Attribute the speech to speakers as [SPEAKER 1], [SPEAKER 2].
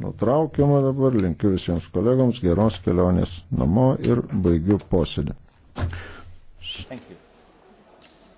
[SPEAKER 1] nutraukiama dabar, linkiu visiems kolegoms geros kelionės namo ir baigiu posėdį. Thank you.